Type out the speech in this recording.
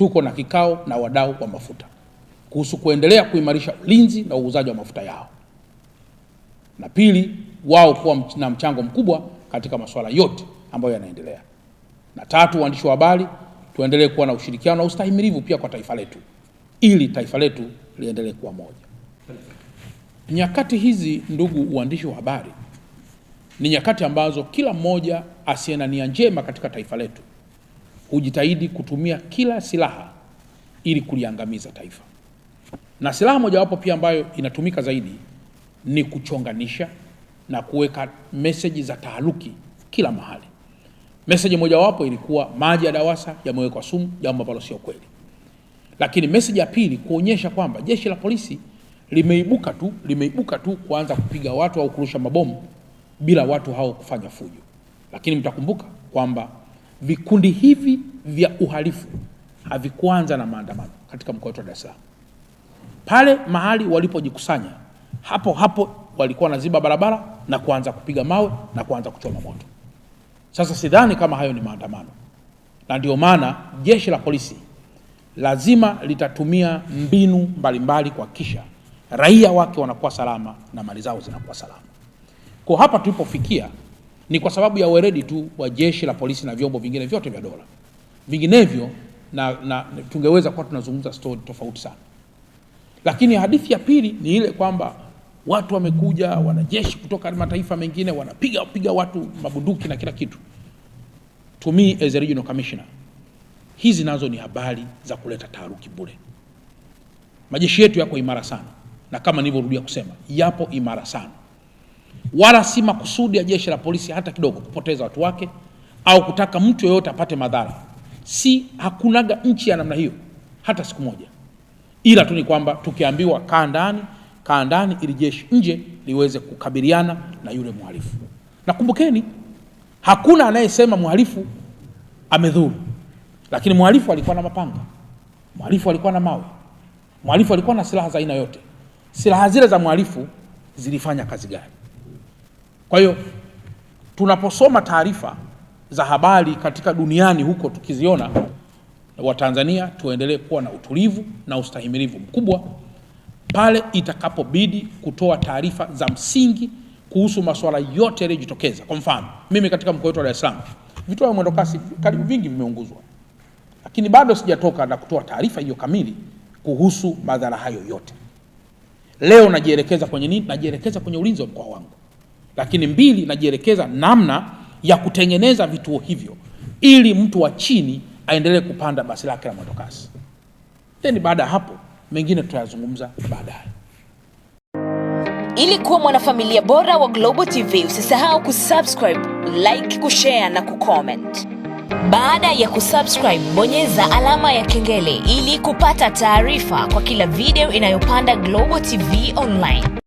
tuko na kikao na wadau wa mafuta kuhusu kuendelea kuimarisha ulinzi na uuzaji wa mafuta yao, na pili, wao kuwa na mchango mkubwa katika masuala yote ambayo yanaendelea, na tatu, waandishi wa habari tuendelee kuwa na ushirikiano na ustahimilivu pia kwa taifa letu ili taifa letu liendelee kuwa moja. Nyakati hizi, ndugu uandishi wa habari, ni nyakati ambazo kila mmoja asiye na nia njema katika taifa letu hujitahidi kutumia kila silaha ili kuliangamiza taifa, na silaha mojawapo pia ambayo inatumika zaidi ni kuchonganisha na kuweka meseji za taharuki kila mahali. Meseji mojawapo ilikuwa maji ya DAWASA yamewekwa sumu, jambo ambalo sio kweli. Lakini meseji ya pili kuonyesha kwamba jeshi la polisi limeibuka tu limeibuka tu kuanza kupiga watu au kurusha mabomu bila watu hao kufanya fujo. Lakini mtakumbuka kwamba Vikundi hivi vya uhalifu havikuanza na maandamano katika mkoa wetu wa Dar es Salaam. Pale mahali walipojikusanya, hapo hapo walikuwa wanaziba barabara na kuanza kupiga mawe na kuanza kuchoma moto. Sasa sidhani kama hayo ni maandamano, na ndio maana jeshi la polisi lazima litatumia mbinu mbalimbali kuhakikisha raia wake wanakuwa salama na mali zao zinakuwa salama. Kwa hapa tulipofikia ni kwa sababu ya weredi tu wa jeshi la polisi na vyombo vingine vyote vya dola. Vinginevyo na, na tungeweza kuwa tunazungumza stori tofauti sana. Lakini hadithi ya pili ni ile kwamba watu wamekuja, wanajeshi kutoka mataifa mengine wanapiga piga watu mabunduki na kila kitu. To me as a regional commissioner, hizi nazo ni habari za kuleta taharuki bure. Majeshi yetu yako imara sana, na kama nilivyorudia kusema, yapo imara sana wala si makusudi ya jeshi la polisi hata kidogo kupoteza watu wake au kutaka mtu yeyote apate madhara. Si hakunaga nchi ya namna hiyo hata siku moja, ila tu ni kwamba tukiambiwa kaa ndani, kaa ndani, ili jeshi nje liweze kukabiliana na yule mhalifu. Na kumbukeni, hakuna anayesema mhalifu amedhuru, lakini mhalifu alikuwa na mapanga, mhalifu alikuwa na mawe, mhalifu alikuwa na silaha za aina yote. Silaha zile za mhalifu zilifanya kazi gani? Kwa hiyo tunaposoma taarifa za habari katika duniani huko tukiziona, Watanzania tuendelee kuwa na utulivu na ustahimilivu mkubwa pale itakapobidi kutoa taarifa za msingi kuhusu masuala yote yaliyojitokeza. Kwa mfano, mimi katika mkoa wetu wa Dar es Salaam vituo vya mwendokasi karibu vingi vimeunguzwa, lakini bado sijatoka na kutoa taarifa hiyo kamili kuhusu madhara hayo yote. Leo najielekeza kwenye nini? Najielekeza kwenye ulinzi wa mkoa wangu lakini mbili, najielekeza namna ya kutengeneza vituo hivyo ili mtu wa chini aendelee kupanda basi lake la mwendokasi. Then baada ya hapo mengine tutayazungumza baadaye. Ili kuwa mwanafamilia bora wa Global TV, usisahau kusubscribe, like, kushare na kucomment. Baada ya kusubscribe, bonyeza alama ya kengele ili kupata taarifa kwa kila video inayopanda Global TV Online.